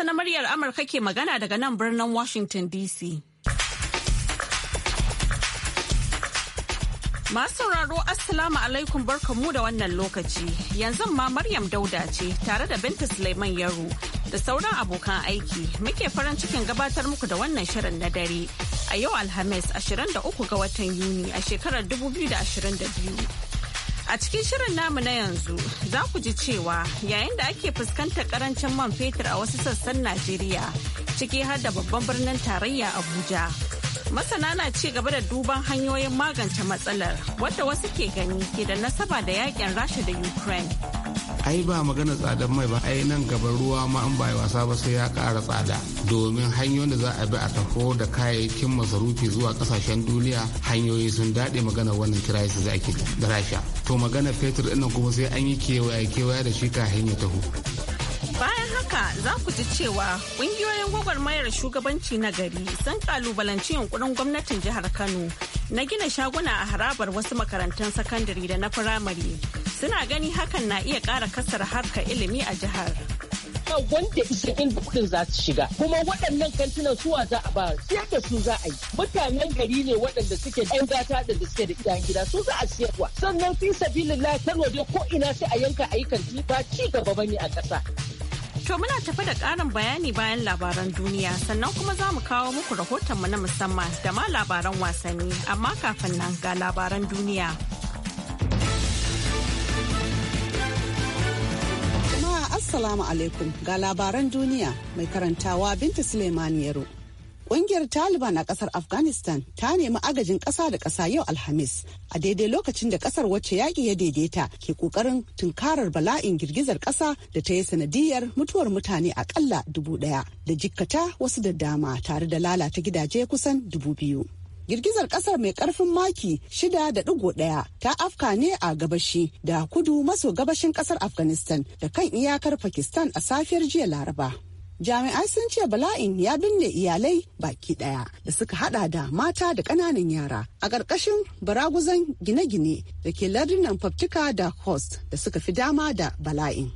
Hausa na muryar Amurka ke magana daga nan birnin Washington DC. Masu sauraro Assalamu alaikum mu da wannan lokaci. Yanzu ma Maryam Dauda ce tare da Binta Suleiman Yaro da sauran abokan aiki muke farin cikin gabatar muku da wannan shirin na dare a yau Alhamis 23 ga watan Yuni a shekarar 2022. A cikin shirin namu na yanzu za ku ji cewa yayin da ake fuskantar karancin man fetur a wasu sassan Najeriya ciki har da babban birnin tarayya Abuja. Masana na ci gaba da duban hanyoyin magance matsalar wadda wasu ke gani ke da nasaba da yakin Rasha da Ukraine. ai ba magana tsadar mai ba ai nan gaban ruwa ma an bai wasa ba sai ya kara tsada domin hanyoyin da za a bi a tafo da kayayyakin masarufi zuwa kasashen duniya hanyoyi sun dade magana wannan crisis da ake da rasha to magana fetur ɗin kuma sai an yi kewaya kewaya da shi ka ya taho haka za ku ji cewa ƙungiyoyin gwagwarmayar shugabanci na gari sun kalubalanci yunkurin gwamnatin jihar Kano na gina shaguna a harabar wasu makarantun sakandare da na firamare. Suna gani hakan na iya kara kasar harka ilimi a jihar. wanda isa inda kudin za su shiga kuma waɗannan kantunan suwa za a ba siyar da su za a yi mutanen gari ne waɗanda suke ɗan gata da suke da iyayen gida su za a wa sannan fi sabilillah ta ko ina sai a yanka a yi kanti ba ci gaba bane a ƙasa. To muna tafi da ƙarin bayani bayan labaran duniya sannan kuma za mu kawo muku rahotonmu na musamman da ma labaran wasanni amma kafin nan ga labaran duniya. Jama'a Assalamu alaikum ga labaran duniya mai karantawa Binta Suleimani Yaro. Ƙungiyar Taliban a ƙasar Afghanistan ta nemi agajin ƙasa da ƙasa yau Alhamis a daidai lokacin da ƙasar wacce yaƙi ya daidaita ke ƙoƙarin tunkarar bala'in girgizar ƙasa da ta yi sanadiyar mutuwar mutane aƙalla dubu ɗaya da jikkata wasu da dama tare da lalata gidaje kusan dubu biyu. girgizar kasar mai karfin maki shida da daya ta afka ne a gabashi da kudu maso gabashin kasar afghanistan da kan iyakar pakistan a safiyar jiya laraba jami'ai sun ce bala'in ya binne iyalai baki daya da suka hada da mata da kananan yara a ƙarƙashin baraguzan gine-gine da ke lardunan faftika da host da suka fi dama da bala'in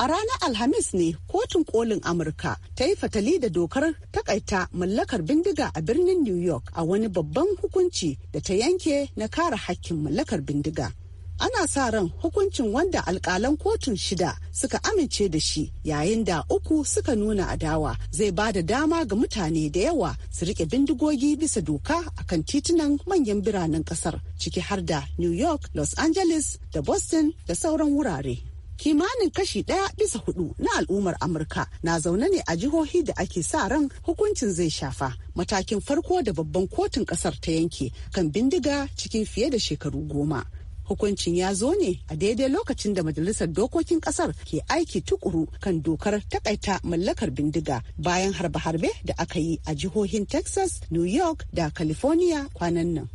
A ranar Alhamis ne kotun kolin Amurka ta yi fatali da dokar takaita mallakar bindiga a birnin New York a wani babban hukunci da ta yanke na kare hakkin mallakar bindiga. ana sa ran hukuncin wanda alkalan kotun shida suka amince da shi yayin da uku suka nuna adawa zai ba da dama ga mutane da yawa su rike bindigogi bisa doka a kan titunan manyan biranen kasar ciki har da new york los angeles da boston da sauran wurare kimanin kashi ɗaya bisa hudu na al'ummar amurka na zaune ne a jihohi da ake sa ran hukuncin zai shafa matakin farko da babban kotun kasar ta yanke kan bindiga cikin fiye da shekaru goma Hukuncin ya zo ne a daidai lokacin da Majalisar Dokokin Kasar ke aiki tukuru kan dokar takaita mallakar bindiga bayan harbe-harbe da aka yi a jihohin Texas, New York da California kwanan nan.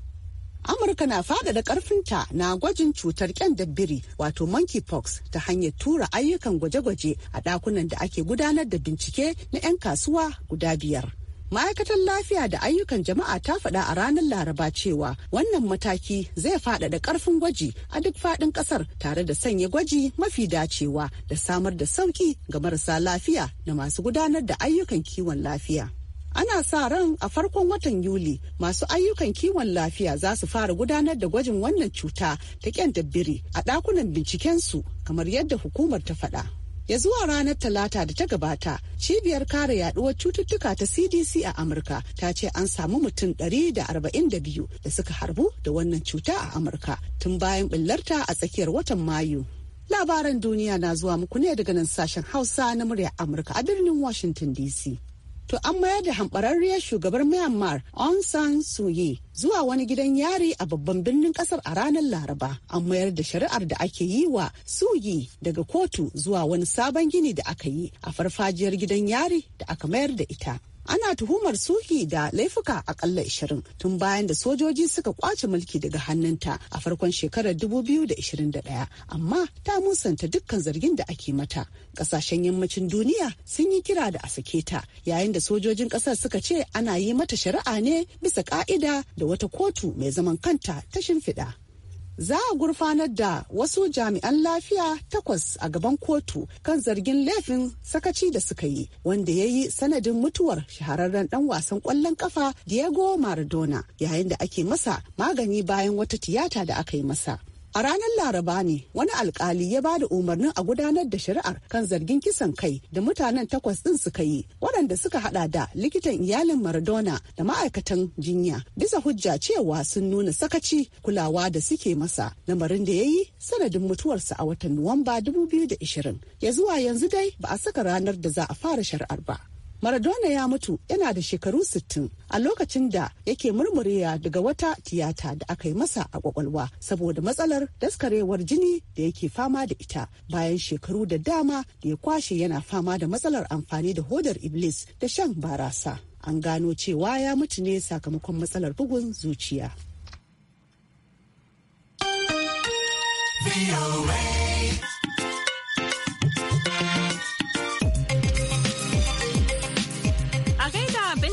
Amurka na faɗaɗa ƙarfinta na gwajin cutar biri wato monkeypox ta hanyar tura ayyukan gwaje-gwaje a ɗakunan da ake gudanar da bincike na 'yan kasuwa guda biyar. ma'aikatar lafiya da ayyukan jama'a ta faɗa a ranar laraba cewa wannan mataki zai faɗaɗa ƙarfin gwaji a duk faɗin ƙasar tare da sanya gwaji mafi dacewa da samar da sauƙi ga marasa lafiya da masu gudanar da ayyukan kiwon lafiya ana sa ran a farkon watan yuli masu ayyukan kiwon lafiya za su fara gudanar da gwajin wannan cuta ta kyan dabbiri a ɗakunan bincikensu kamar yadda hukumar ta faɗa ya zuwa ranar talata da ta gabata cibiyar kare yaduwar cututtuka ta cdc a amurka ta ce an samu mutum 142 da suka harbu da wannan cuta a amurka tun bayan billarta a tsakiyar watan mayu labaran duniya na zuwa muku ne daga nan sashen hausa na muryar amurka a birnin washington dc to an mayar da hambararriyar shugabar myanmar aung san suu kyi zuwa wani gidan yari a babban birnin kasar a ranar laraba an mayar da shari'ar da ake yi wa suyi daga kotu zuwa wani sabon gini da aka yi a farfajiyar gidan yari da aka mayar da ita ana tuhumar suki da laifuka akalla 20 tun bayan da sojoji suka kwace mulki daga hannunta a farkon shekarar 2021 amma ta musanta dukkan zargin da ake mata kasashen yammacin duniya sun yi kira da a sake ta yayin da sojojin kasar suka ce ana yi mata shari'a ne bisa ka'ida da wata kotu mai zaman kanta ta shimfiɗa. za a gurfanar da wasu jami'an lafiya takwas a gaban kotu kan zargin laifin sakaci da suka yi wanda ya yi sanadin mutuwar shahararren dan wasan kwallon kafa diego maradona yayin da ake masa magani bayan wata tiyata da aka yi masa A ranar Laraba ne wani alkali ya ba da umarnin a gudanar da shari'ar kan zargin kisan kai da mutanen takwas ɗin suka yi waɗanda suka hada da likitan iyalin Maradona da ma'aikatan jinya bisa hujja cewa sun nuna sakaci kulawa da suke masa lamarin da ya yi sanadin mutuwarsa a watan Nuwamba 2020. Ya zuwa yanzu dai ba a saka ranar da za a fara shari'ar ba. Maradona ya mutu yana da shekaru 60 a lokacin da yake murmurewa daga wata tiyata da aka yi masa a kwakwalwa saboda matsalar daskarewar jini da yake fama da ita bayan shekaru da dama da ya kwashe yana fama da matsalar amfani da hodar iblis da shan barasa. An gano cewa ya mutu ne sakamakon matsalar bugun zuciya.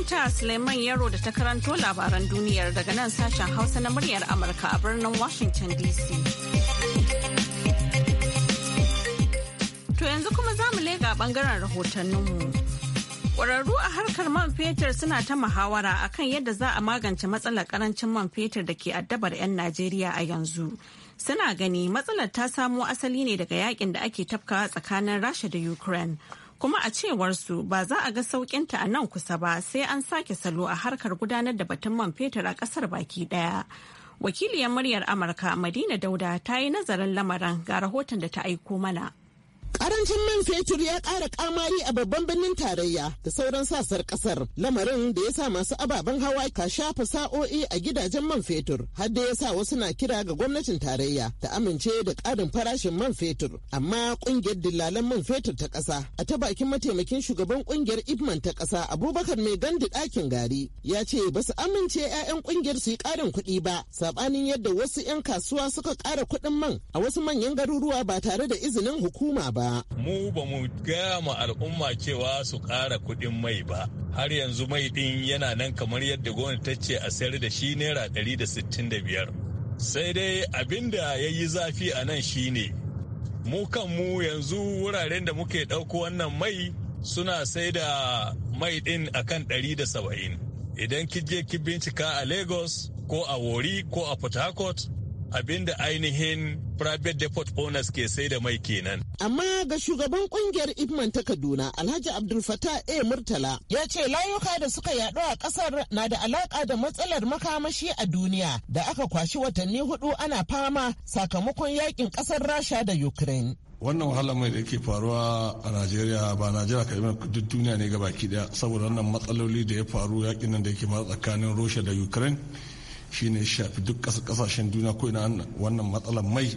binta Suleiman Yaro da ta karanto labaran duniyar daga nan sashen Hausa na muryar Amurka a birnin Washington DC. To yanzu kuma za mu lega bangaren rahotanninmu. Ƙwararru a harkar man fetur suna ta muhawara akan yadda za a magance matsalar karancin man fetur da ke addabar 'yan Najeriya a yanzu. Suna gani matsalar ta samo asali ne daga yakin da ake tafkawa tsakanin Rasha da Ukraine. kuma a cewar su ba za a ga sauƙinta a nan kusa ba sai an sake salo a harkar gudanar da batun man fetur a ƙasar baki ɗaya. Wakiliyar muryar Amurka Madina Dauda ta yi nazarin lamarin ga rahoton da ta aiko mana. Karancin man fetur ya ƙara kamari a babban birnin tarayya da sauran sasar ƙasar lamarin da ya sa masu ababen hawa ka shafa sa'o'i a gidajen man fetur har da ya sa wasu na kira ga gwamnatin tarayya ta amince da ƙarin farashin man fetur amma ƙungiyar dillalan man fetur ta ƙasa a ta bakin mataimakin shugaban ƙungiyar ibman ta ƙasa abubakar mai gandu ɗakin gari ya ce ba su amince 'ya'yan ƙungiyar su yi ƙarin kuɗi ba saɓanin yadda wasu 'yan kasuwa suka ƙara kuɗin man a wasu manyan garuruwa ba tare da izinin hukuma ba. ba. Mu ba mu gaya ma al'umma cewa su ƙara kuɗin mai ba. Har yanzu mai ɗin yana nan kamar yadda gwamnati ta ce a sayar da shi naira ɗari da sittin da biyar. Sai dai abin da ya yi zafi a nan shi ne. Mu kanmu yanzu wuraren da muke ɗauko wannan mai suna sai da mai ɗin akan ɗari da saba'in. Idan ki je ki bincika a Lagos ko a Wori ko a Port Harcourt abinda ainihin private depot owners ke sai da mai kenan. Amma ga shugaban kungiyar Ibman ta Kaduna Alhaji Abdul Fattah A Murtala ya ce layuka da suka yaɗu a ƙasar na da alaƙa da matsalar makamashi a duniya da aka kwashi watanni hudu ana fama sakamakon yakin ƙasar Rasha da Ukraine. wannan wahala mai da ke faruwa a najeriya ba najeriya yi duk duniya ne gabaki daya saboda wannan matsaloli da ya faru yakin nan da yake mara tsakanin russia da ukraine shine ya shafi duk kasashen duniya ko ina wannan matsalar mai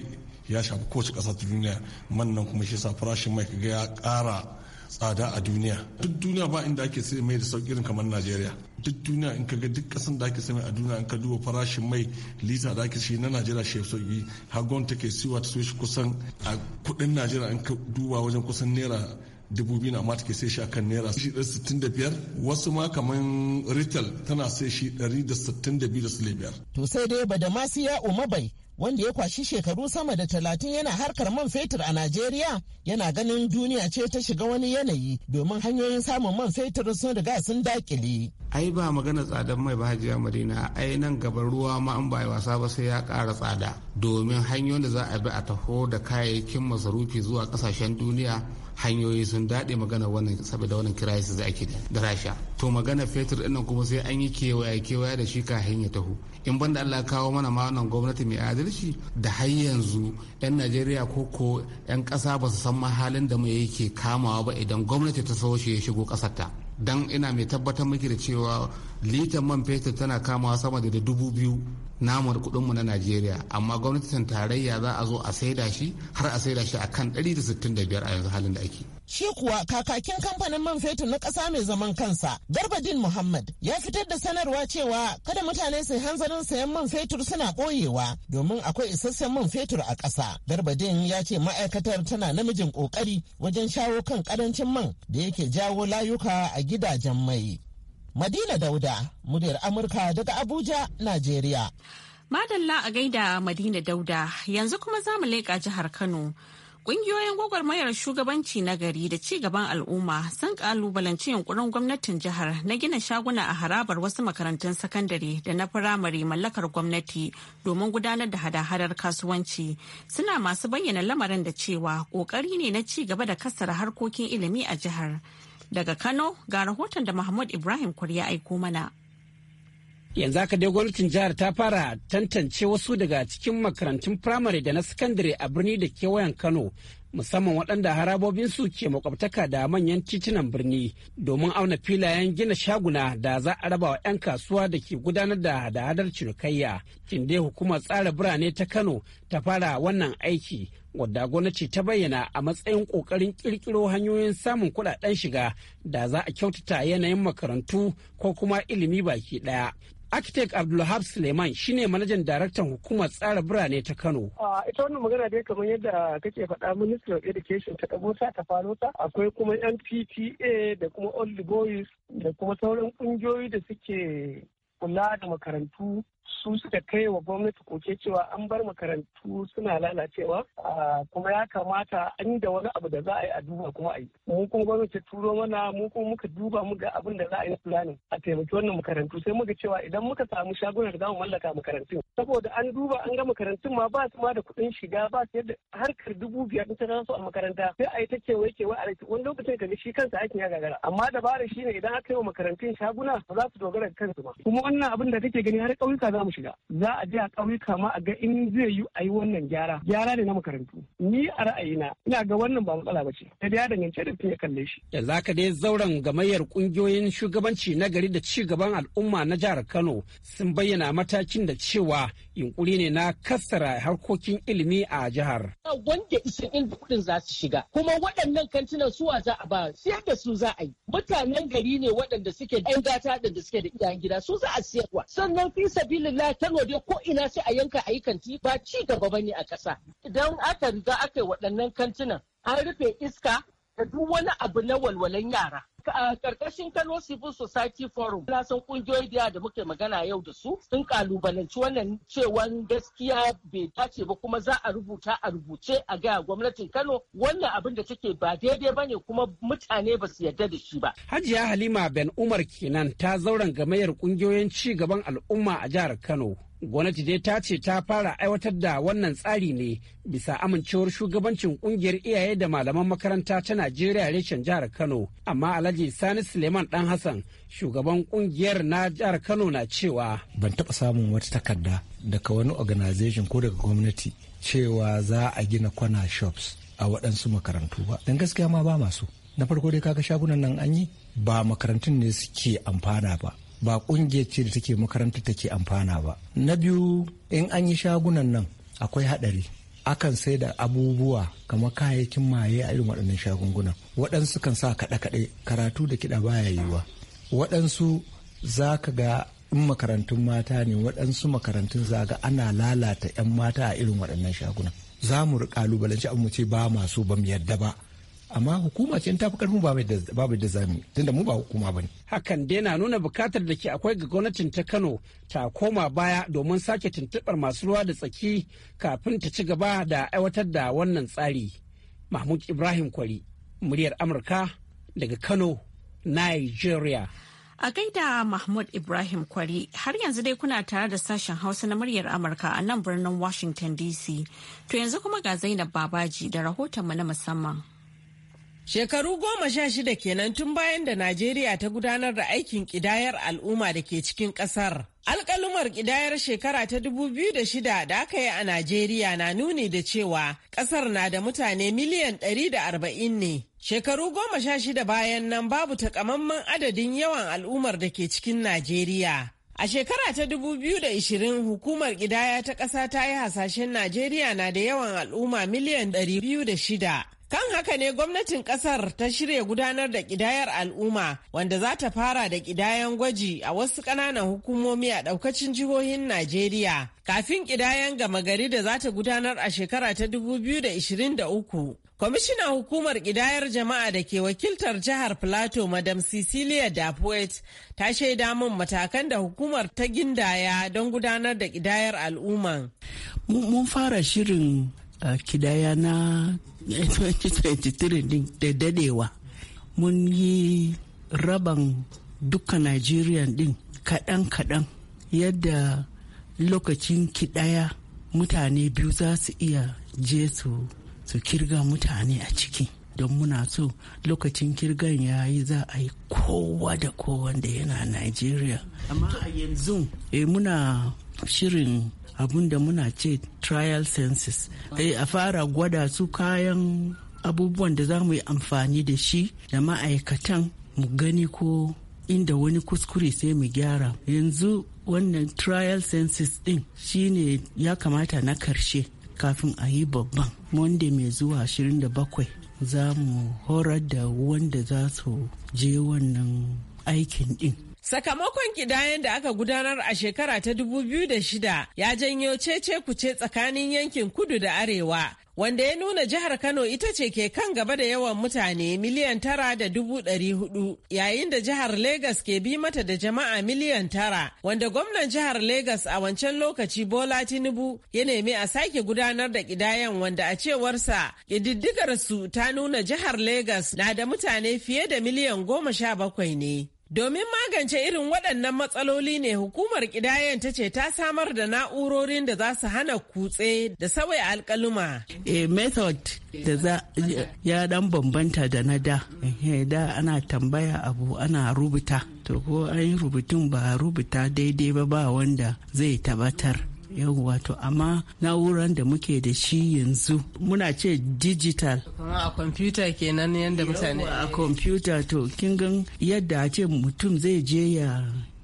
ya shafi kowace ƙasa duniya mannan kuma shi sa farashin mai kaga ya ƙara tsada a duniya duk duniya ba inda ake sai mai da sauƙi irin kamar najeriya duk duniya in kaga duk kasan da ake sai mai a duniya in ka duba farashin mai lita da ake shi na najeriya shi sauki har gwamnati take siwa ta so shi kusan a kudin najeriya in ka duba wajen kusan naira dubu biyu na mata ke sai shi akan naira shi ɗari sittin da biyar wasu ma kaman tana sai shi ɗari da sittin da biyu da sule biyar. to sai dai masu ya umabai wanda ya kwashi shekaru sama da talatin yana harkar man fetur a Najeriya yana ganin duniya ce ta shiga wani yanayi domin hanyoyin samun man fetur sun riga sun dakile. Ai ba magana tsadar mai ba hajiya Madina ai nan gaban ruwa ma an bai wasa ba sai ya ƙara tsada domin hanyoyin da za a bi a taho da kayayyakin masarufi zuwa ƙasashen duniya hanyoyi sun daɗe magana wannan saboda wannan crisis da ake da rasha to magana fetur ɗin kuma sai an yi kewaya kewaya da shi kafin ya taho in ban da Allah kawo mana ma wannan gwamnati mai adalci da har yanzu yan Najeriya ko ko yan ƙasa ba su san ma halin da mai yake kamawa ba idan gwamnati ta so ya shigo ƙasar ta dan ina mai tabbatar miki da cewa litan man fetur tana kamawa sama da dubu biyu namu da kudinmu na najeriya amma gwamnatin tarayya za a zo a saida shi har a saida shi a kan 165 a yanzu halin da ake shi kuwa kakakin kamfanin man fetur na ƙasa mai zaman kansa garbadin muhammad ya fitar da sanarwa cewa kada mutane su hanzarin sayan man fetur suna ɓoyewa domin akwai isasshen man fetur a ƙasa garbadin ya ce ma'aikatar tana namijin ƙoƙari wajen shawo kan ƙarancin man da yake jawo layuka a gidajen mai Madina Dauda, muryar Amurka daga Abuja, Najeriya. Madalla a gaida Madina Dauda, yanzu kuma za mu leƙa jihar Kano. Ƙungiyoyin gwagwarmayar shugabanci na gari da ci gaban al'umma sun kalubalanci yunkurin gwamnatin jihar na gina shaguna a harabar wasu makarantun sakandare da na firamare mallakar gwamnati domin gudanar da hada-hadar kasuwanci. Suna masu bayyana lamarin da cewa ƙoƙari ne na ci gaba da kasar harkokin ilimi a jihar. Daga Kano ga rahoton da Mahmud Ibrahim ya aiko mana. Yanzu haka dai gwamnatin jihar ta fara tantance wasu daga cikin makarantun firamare da na sakandare a birni da kewayen Kano musamman waɗanda harabobinsu ke makwabtaka da manyan titunan birni domin auna filayen gina shaguna da za a raba wa 'yan kasuwa da ke gudanar da hada-hadar cinikayya kinde hukumar tsara birane ta kano ta fara wannan aiki wadda gwamnati ta bayyana a matsayin ƙoƙarin ƙirƙiro hanyoyin samun kuɗaɗen shiga da za a kyautata yanayin makarantu ko kuma ilimi baki ɗaya Architect Abdulhab Suleiman shine manajan daraktan hukumar tsara birane ta Kano. ita wannan magana dai kamar yadda kake faɗa Ministry of Education ta ɗago ta ta faro ta akwai kuma NPTA da kuma Old Boys da kuma sauran ƙungiyoyi da suke kula da makarantu su suka kai wa gwamnati koke cewa an bar makarantu suna lalacewa kuma ya kamata an yi da wani abu da za a yi a duba kuma a yi mu kuma gwamnati turo mana mu kuma muka duba muga abin da za a yi planning a taimaki wannan makarantu sai muka cewa idan muka samu shagunan da za mu mallaka makarantun saboda an duba an ga makarantun ma ba su ma da kuɗin shiga ba su yadda harkar dubu biyar ta su a makaranta sai a yi ta ke kewaye a wani lokacin ka ga shi kansa aikin ya gagara amma dabara shine idan aka yi wa makarantun shaguna ba za su dogara da kansu ba kuma wannan abin da kake gani har ƙauyuka za mu shiga za a je a ƙauyuka ma a ga in zai yi a yi wannan gyara gyara ne na makarantu ni a ra'ayina ina ga wannan ba matsala ba ce da ya dangance da ya kalle shi yanzu haka dai zauren gamayyar kungiyoyin shugabanci na gari da ci gaban al'umma na jihar Kano sun bayyana matakin da cewa yunkuri ne na kassara harkokin ilimi a jihar wanda isin inda kuɗin za su shiga kuma waɗannan kantinan suwa za a ba siyar da su za a yi mutanen gari ne waɗanda suke da gata da suke da iyayen gida su za a siyarwa sannan fi sabilin illa waje ko ina sai a yanka a yi kanti ba ci gaba ba ne a ƙasa. Idan aka riga aka yi waɗannan kantinan an rufe iska da duk wani abu na walwalan yara. a karkashin Kano Civil Society Forum na san kungiyoyi da da muke magana yau da su sun kalubalanci wannan cewan gaskiya bai dace ba kuma za a rubuta a rubuce a ga gwamnatin Kano wannan abin da take ba daidai bane kuma mutane ba su yarda da shi ba. Hajiya Halima Ben Umar kenan ta zauren gamayar kungiyoyin ci gaban al'umma a jihar Kano. Gwamnati dai ta ce ta fara aiwatar da wannan tsari ne bisa amincewar shugabancin kungiyar iyaye da malaman makaranta ta Najeriya reshen jihar Kano amma Alhaji Sani Suleiman Dan Hassan shugaban kungiyar na jihar Kano na cewa. Ban taɓa samun wata takarda daga wani organization ko daga gwamnati cewa za a gina kwana shops a waɗansu makarantu ba. Don gaskiya ma ba masu. Na farko dai kaga shagunan nan an yi ba makarantun ne suke amfana ba. Ba kungiyar ce da take makarantar take amfana ba. Na biyu in an yi shagunan nan akwai haɗari akan sai da abubuwa kamar kayayyakin maye a irin waɗannan shagungunan waɗansu kan sa kaɗe-kaɗe karatu da kiɗa baya yiwuwa waɗansu za ka ga in makarantun mata ne waɗansu makarantun zaga ana lalata 'yan mata a irin waɗannan shagunan za mu ƙalubalanci abu mu ce ba masu ba mu yadda ba amma hukuma ce ta fi karfin babu da zami tunda mu ba hukuma ba ne. hakan dai na nuna bukatar da ke akwai ga gwamnatin ta kano ta koma baya domin sake tuntuɓar masu ruwa da tsaki kafin ta ci gaba da aiwatar da wannan tsari mahmud ibrahim kwari muryar amurka daga kano nigeria a gaida mahmud ibrahim kwari har yanzu dai kuna tare da sashen hausa na muryar amurka a nan birnin washington dc to yanzu kuma ga zainab babaji da rahoton rahotonmu na musamman Shekaru goma sha shida kenan tun bayan da Najeriya ta gudanar da aikin ƙidayar al'umma da ke cikin ƙasar. Alƙalumar ƙidayar shekara ta dubu biyu da shida da aka yi a Najeriya na nuni da cewa ƙasar na da mutane miliyan da arba'in ne. Shekaru goma sha shida bayan nan babu takamaiman adadin yawan al'ummar da ke cikin Najeriya. A shekara ta dubu biyu da ishirin, hukumar ƙidaya ta ƙasa ta yi hasashen Najeriya na da yawan al'umma miliyan biyu da shida. Kan haka ne gwamnatin kasar ta shirya gudanar da ƙidayar al'umma wanda za ta fara da ƙidayan gwaji a wasu ƙananan hukumomi a ɗaukacin jihohin Najeriya. Kafin ƙidayan gama gari da za ta gudanar a shekara ta 2023. Kwamishinan hukumar ƙidayar jama'a da ke wakiltar jihar Plateau Madam Cecilia poet ta shaida min matakan da hukumar ta gindaya don gudanar da ƙidayar al'umma Mun fara shirin Eh, kidaya na 2023 ɗin da dadewa mun yi raban duka Najeriya din kaɗan-kaɗan yadda lokacin kidaya mutane biyu za su iya je su su kirga mutane a ciki don muna so lokacin kirgan ya yi za a yi kowa da kowa da yana Najeriya. Amma a yanzu eh, muna shirin abun da muna ce trial census eh, a fara gwada su kayan abubuwan da za mu yi amfani da shi da ma'aikatan mu gani ko inda wani kuskure sai mu gyara yanzu wannan trial census din shine ya kamata na karshe kafin a yi babban monday mai zuwa 27 za mu horar da wanda za su je wannan aikin din Sakamakon kidayen da aka gudanar a shekara ta 2006 ya janyo cece kuce tsakanin yankin kudu da arewa. Wanda ya nuna jihar Kano ita ce ke kan gaba da yawan mutane miliyan tara da dubu ɗari hudu, yayin da jihar Legas ke bi mata da jama'a miliyan tara, wanda gwamnan jihar Legas a wancan lokaci Bola Tinubu ya nemi a sake gudanar da ƙidayen wanda a cewarsa ƙididdigar su ta nuna jihar Legas na da mutane fiye da miliyan goma sha bakwai ne. Domin magance irin waɗannan matsaloli ne hukumar ƙidayen ta ce ta samar da na'urorin da za su hana kutse da sauya alkaluma. A method da za ya dan bambanta da na da. Da ana tambaya abu ana rubuta. To ko an yi rubutun ba rubuta daidai ba ba wanda zai tabbatar. yawwa to amma na'urar da muke da shi yanzu muna ce digital a kwamfuta kenan yadda mutane a kwamfuta to kin gan yadda a ce mutum zai je ya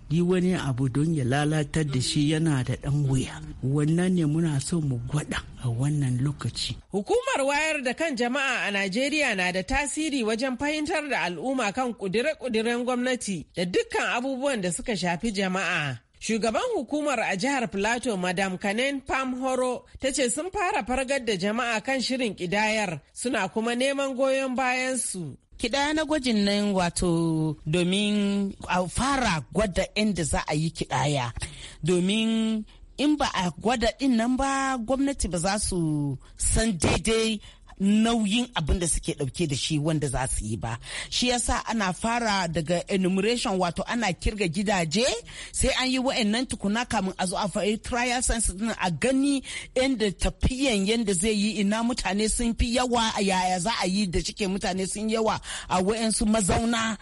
yi wani abu don ya lalatar da shi yana da ɗan wuya wannan ne muna so mu gwada a wannan lokaci. Hukumar wayar da kan jama'a a Najeriya na da tasiri wajen fahimtar da al'umma kan kudire-kudiren gwamnati da dukkan abubuwan da suka shafi jama'a. Shugaban hukumar a jihar Plateau, Madam Kanen Pam Horo, ta ce sun fara fargar da jama'a kan shirin kidayar suna kuma neman goyon bayansu. kiɗaya na gwajin nan wato domin a fara gwada inda za a yi kiɗaya domin in ba a gwada din nan ba gwamnati ba za su san daidai nauyin abin da suke dauke da shi wanda za su yi ba shi yasa ana fara daga enumeration wato ana kirga gidaje sai an yi wa'annan tukuna kamun a zo a fa'i trial sense din a gani inda tafiyan yanda zai yi ina mutane sun fi yawa a yaya za a yi da shike mutane sun yawa a wa'ansu mazauna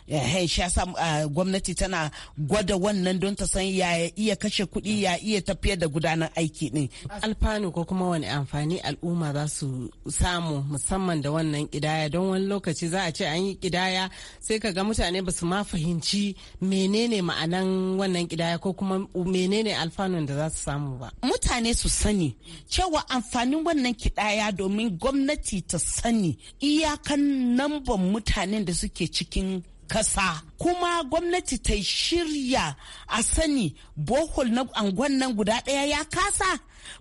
shi yasa gwamnati tana gwada wannan don ta san ya iya kashe kuɗi ya iya tafiyar da gudanar aiki din alfanu ko kuma wani amfani al'umma za su samu musamman da wannan kidaya don wani lokaci za a ce an yi kidaya sai ka ga mutane ba su ma fahimci menene ma'anan wannan kidaya ko kuma menene alfanun da za su samu ba. Mutane su sani cewa amfanin wannan kidaya domin gwamnati ta sani iyakan namban mutanen da suke cikin kasa kuma gwamnati ta shirya a sani bohol na angon nan guda ɗaya ya kasa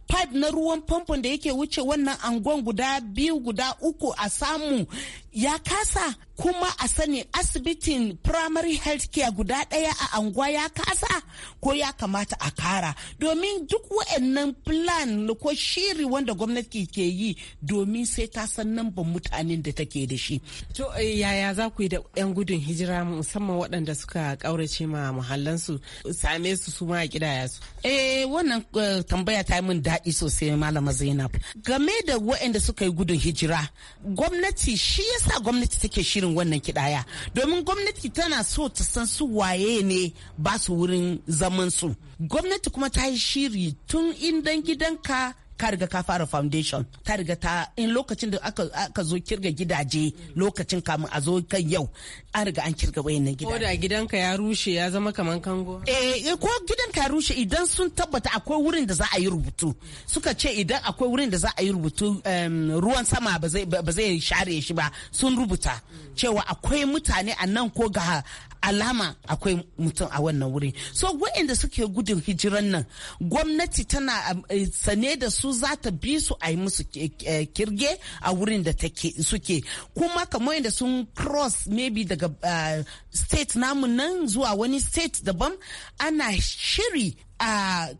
pipe na ruwan famfon da yake wuce wannan angon guda biyu guda uku a samu ya kasa kuma a sani asibitin primary health care guda ɗaya a anguwa ya kasa ko ya kamata a kara domin duk wa'annan plan ko shiri wanda gwamnati ke yi domin sai ta san namban mutanen da take da shi. To eh, yaya za ku yi da 'yan gudun hijira musamman waɗanda suka ƙaurace ma muhallansu same su su ma a kidaya su. Eh wannan eh, tambaya ta yi min daɗi sosai malama zainab game da waɗanda suka yi gudun hijira gwamnati shi yasa gwamnati take shirin wannan kiɗaya domin gwamnati tana so ta san su waye ne ba su wurin zaman su gwamnati kuma ta yi shiri tun indan gidanka ka riga ka fara foundation ta riga ta in lokacin da aka zo kirga gidaje lokacin kamun a zo kan yau an riga an kirga wayannan gidaje ko da gidanka ya rushe ya zama kaman kango eh, eh ko gidanka ya rushe idan sun tabbata akwai wurin da za a yi rubutu suka ce idan akwai wurin da za a yi rubutu ruwan sama ba zai share shi ba sun rubuta cewa akwai mutane a nan ko ga alama akwai mutum a wannan wuri so waɗanda suke gudun hijiran nan gwamnati tana eh, sane da su za ta bi su a yi musu eh, kirge a wurin da suke kuma kamar yadda sun cross maybe daga eh, state namun nan zuwa wani state daban ana shiri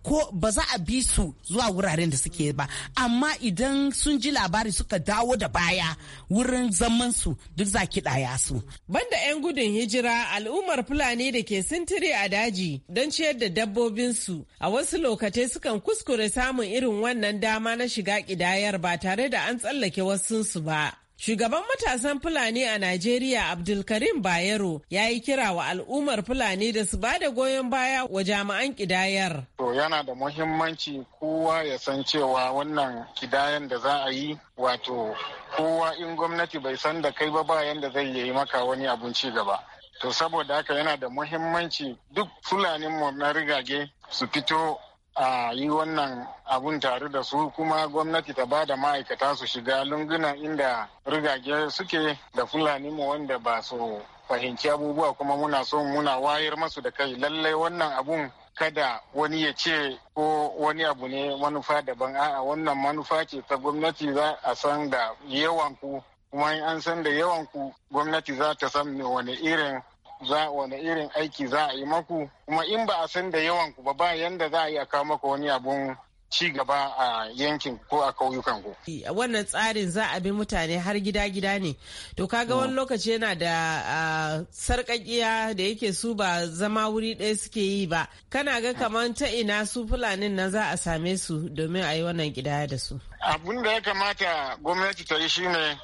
ko ba za a bi su zuwa wuraren da suke ba amma idan sun ji labari suka dawo da baya wurin zaman su duk za kiɗaya su. Banda 'yan gudun hijira al'ummar Fulani da ke sintiri a daji don ciyar da dabbobinsu a wasu lokatai sukan kuskure samun irin wannan dama na shiga ƙidayar ba tare da an tsallake wasunsu ba. Shugaban matasan Fulani a Najeriya Abdulkarim Bayero ya yi kira wa al'ummar Fulani da su bada goyon baya wa jami'an kidayar. To yana da muhimmanci kowa ya san cewa wannan kidayan da za a yi wato kowa in gwamnati bai san da kai ba bayan da zai yi maka wani abun ci gaba. To saboda haka yana da muhimmanci duk Fulanin mu na rigage su fito a yi wannan abun tare da su kuma gwamnati ta ba da ma'aikata su shiga lunguna inda rigage suke da fulani mu wanda ba su fahimci abubuwa kuma muna so muna wayar masu da kai lallai wannan abun kada wani ya ce ko wani abu ne manufa daban a'a wannan manufa ce ta gwamnati za a san da yawan ku kuma in an san da yawan ku gwamnati za ta san wani irin za wani irin aiki za a yi maku kuma in ba a san da yawan ku ba ba yanda za a yi a kawo maka wani abun ci gaba a yankin ko a kauyukan ku. Wannan tsarin za a bi mutane har gida-gida ne. To kaga mm. wani lokaci yana da sarƙaƙiya da yake su ba zama wuri ɗaya suke yi ba. Kana ga kamar ta ina su fulanin nan za a same su domin a yi wannan gidaya da su. Abun da ya kamata gwamnati ta yi shine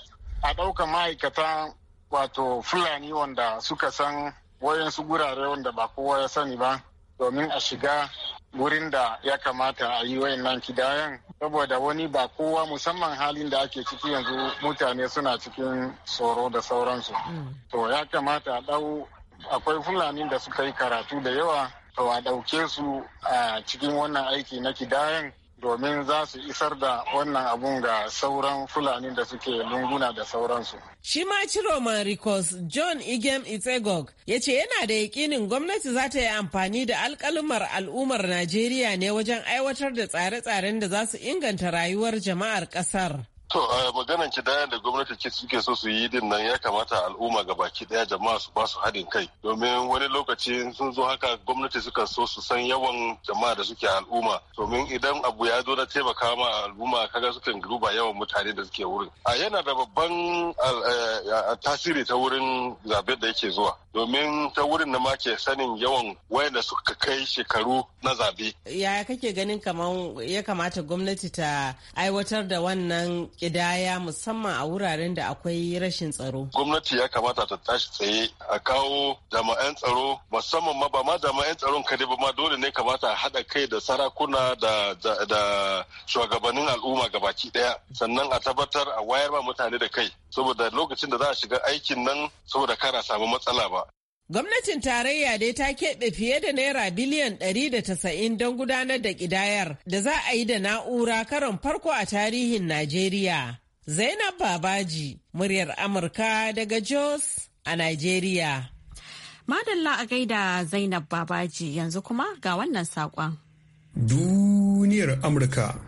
a ɗauka ma'aikata wato fulani wanda suka san wayansu gurare wanda ba kowa ya sani ba domin a shiga wurin da ya kamata a yi wayannan kidayan saboda wani ba kowa musamman halin da ake ciki yanzu mutane suna cikin tsoro da sauransu mm. to ya kamata a dau akwai fulani da suka yi karatu da yawa to a ɗauke su a cikin wannan aiki na kidayan domin za su isar da wannan abun ga sauran fulani da suke lunguna da sauransu. Shi ma Chiroman Ricos John Igem Itsegog ya ce yana da yakinin gwamnati za ta yi amfani da alkalmar al'ummar Najeriya ne wajen aiwatar da tsare-tsaren da za su inganta rayuwar jama'ar kasar. To a maganan kidaya da gwamnati ke suke so su yi din nan ya kamata al'umma ga baki daya jama'a su ba su haɗin kai domin wani lokaci sun zo haka gwamnati suka so su san yawan jama'a da suke al'umma domin idan abu ya zo na taimaka ma al'umma kaga sukan duba yawan mutane da suke wurin. A yana da babban eh, tasiri ta wurin zabe da yake zuwa domin ta wurin na ma ke sanin yawan wayanda suka kai shekaru na zabe. Yaya kake ganin kamar ya kamata gwamnati ta aiwatar da wannan kidaya musamman a wuraren da akwai rashin tsaro. Gwamnati ya kamata ta tashi tsaye a kawo jama'an tsaro musamman ma ba ma jama'an tsaron kadai ba ma dole ne kamata a haɗa kai da sarakuna da, shugabannin al'umma gabaki ɗaya sannan a tabbatar a wayar ma mutane da kai saboda lokacin da za a shiga aikin nan saboda kar a samu matsala ba. Gwamnatin tarayya dai ta keɓe fiye da naira biliyan 190 don gudanar da ƙidayar da za a yi da na'ura karon farko a tarihin Najeriya. Zainab Babaji, muryar Amurka daga Jos a Najeriya. Madalla a gaida Zainab Babaji yanzu kuma ga wannan saƙon. Duniyar Amurka.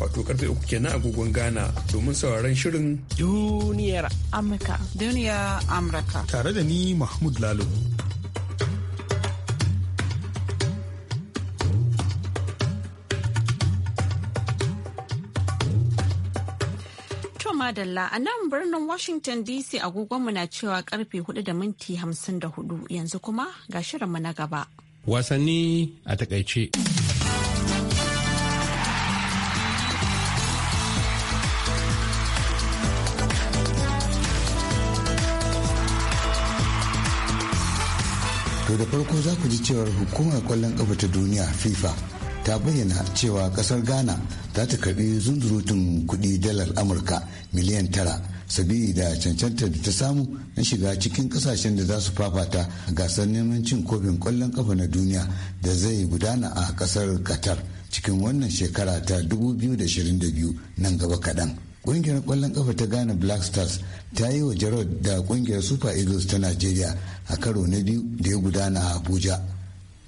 wato karfe uku kenan agogon Ghana domin sauraron shirin duniyar Amurka. Duniya Amurka. Tare da ni Mahmud Lalo. madalla a nan birnin Washington DC agogonmu na cewa karfe 4 da minti 54 yanzu kuma ga shirinmu na gaba. Wasanni a takaice. daga farko za ku ji cewar hukumar kwallon kafa ta duniya fifa ta bayyana cewa kasar ghana za ta karbi zunzurutun kudi dalar amurka miliyan tara sabili da cancantar da ta samu na shiga cikin kasashen da za su fafata a gasar neman cin kofin kwallon kafa na duniya da zai gudana a kasar qatar cikin wannan shekara ta 2022 nan gaba kaɗan kungiyar kwallon kafa ta ghana black stars ta yi wa jarod da kungiyar super eagles ta nigeria a karo na biyu da ya gudana a abuja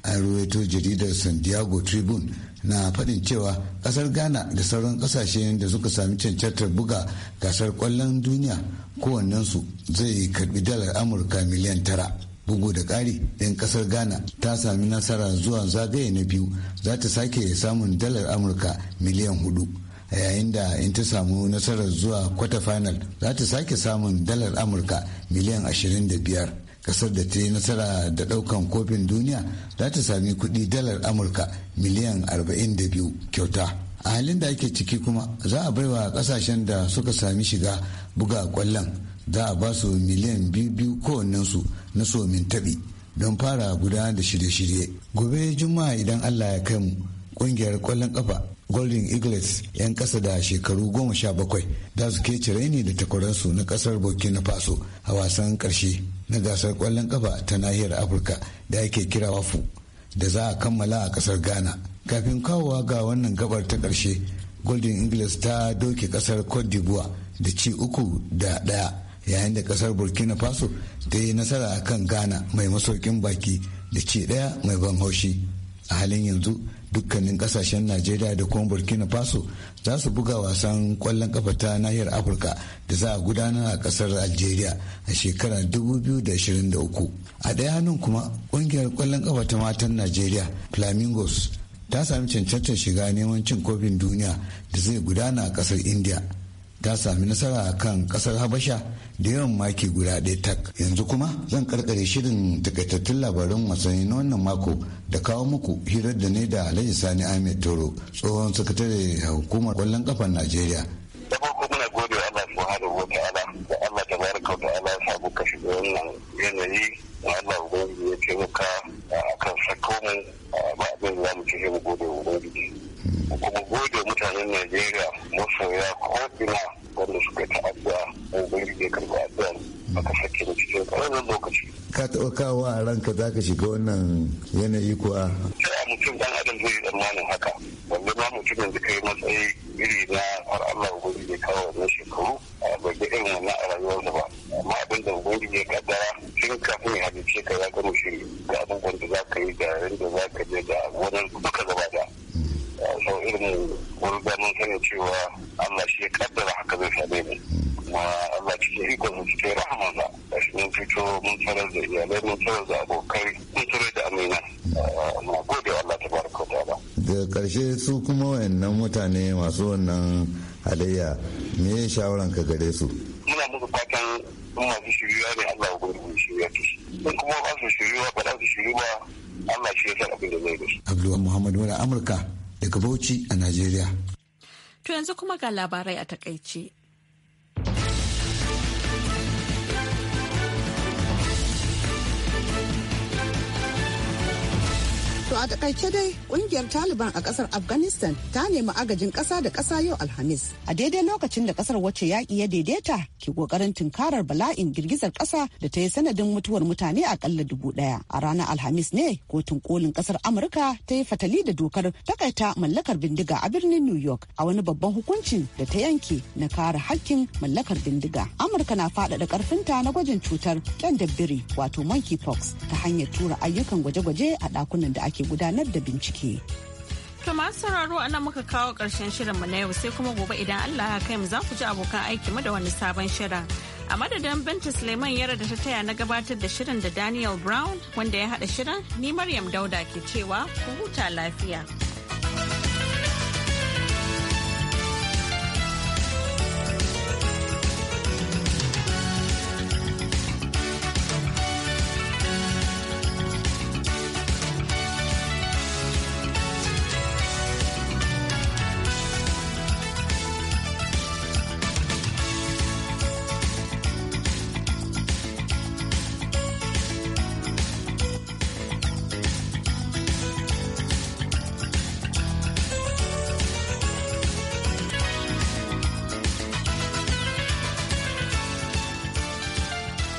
an ruwaito jaridar san diego tribune na faɗin cewa ƙasar ghana da sauran ƙasashe da suka sami cancantar buga gasar ƙwallon duniya kowannensu zai karbi dalar amurka miliyan tara bugu da ƙari ɗin ƙasar ghana ta sami nasara zuwa zagaye na biyu za ta sake samun dalar amurka miliyan hudu a yayin da in ta samu nasarar zuwa kwata final za ta sake samun dalar amurka miliyan ashirin da biyar kasar da ta yi nasara da daukan kofin duniya za ta sami kuɗi dalar amurka miliyan 42 kyauta a halin da ake ciki kuma za a baiwa kasashen da suka sami shiga buga kwallon za a ba su miliyan biyu kowannensu na somin taɓi don fara guda da shirye-shirye gobe juma'a idan allah ya kai mu ƙungiyar kwallon kafa golden eagles 'yan ƙasa da shekaru goma sha bakwai za su ke cire ne da takwaransu na kasar burkina faso a wasan ƙarshe. na gasar kwallon kafa ta nahiyar afirka da ake kira wafu da za a kammala a kasar ghana kafin kawowa ga wannan gabar ta karshe golden english ta doke kasar cote d'ivoire da ci uku da daya yayin da kasar burkina faso ta yi nasara a kan ghana mai masaukin baki da ci daya mai ban haushi a halin yanzu dukkanin kasashen najeriya da kuma burkina faso za su buga wasan kwallon kafa ta nahiyar afirka da za a gudanar a kasar algeria a shekarar 2023 a ɗaya hannun kuma ƙungiyar kwallon kafa ta matan najeriya flamingos ta sami cancantar shiga neman cin kofin duniya da zai gudana a kasar india ta sami nasara a kan kasar habasha da yawan maki guda ɗaya tak yanzu kuma zan karkare shirin takaitattun labaran wasanni na wannan mako da kawo muku hirar da ne da alhaji sani ahmed toro tsohon sakatare hukumar kwallon kafar najeriya da farko muna gode wa allah subhanahu wa ta'ala da allah tabaraka wa ta'ala ya sabu kashi da wannan yanayi da allah ubangiji ya taimaka akan sako mu ba abin da za mu ce mu gode wa ubangiji kuma gode mutanen najeriya masoya koina ranka za ka shiga wannan yanayi kuwa su kuma wayannan mutane masu wannan halayya me shawaran ka gare su muna musu fatan sun masu shiriwa ne Allah ubangiji shiriwa ta shi in kuma ba su shiriwa ba za su shiri ba Allah shi ya san abin da zai da shi Abdullahi Muhammad wani Amurka daga Bauchi a Najeriya to yanzu kuma ga labarai a takaice To a takaice dai kungiyar Taliban a kasar Afghanistan ta nemi agajin kasa da kasa yau Alhamis. A daidai lokacin da kasar wacce yaƙi ya daidaita ke kokarin tunkarar bala'in girgizar kasa da ta yi sanadin mutuwar mutane a ƙalla dubu ɗaya. A ranar Alhamis ne kotun kolin ƙasar Amurka ta yi fatali da dokar takaita mallakar bindiga a birnin New York a wani babban hukuncin da ta yanke na kare hakkin mallakar bindiga. Amurka na faɗaɗa ƙarfinta na gwajin cutar ƙyan dabbiri wato monkeypox ta hanyar tura ayyukan gwaje-gwaje a ɗakunan da ake ke gudanar da bincike. To masu sauraro ana muka kawo ƙarshen mu na yau sai kuma gobe idan Allah ya kai mu za ku ji abokan aiki mu da wani sabon shirin. A madadin Binta Suleiman yara da ta taya na gabatar da shirin da Daniel Brown wanda ya haɗa shirin ni Maryam Dauda ke cewa ku huta lafiya.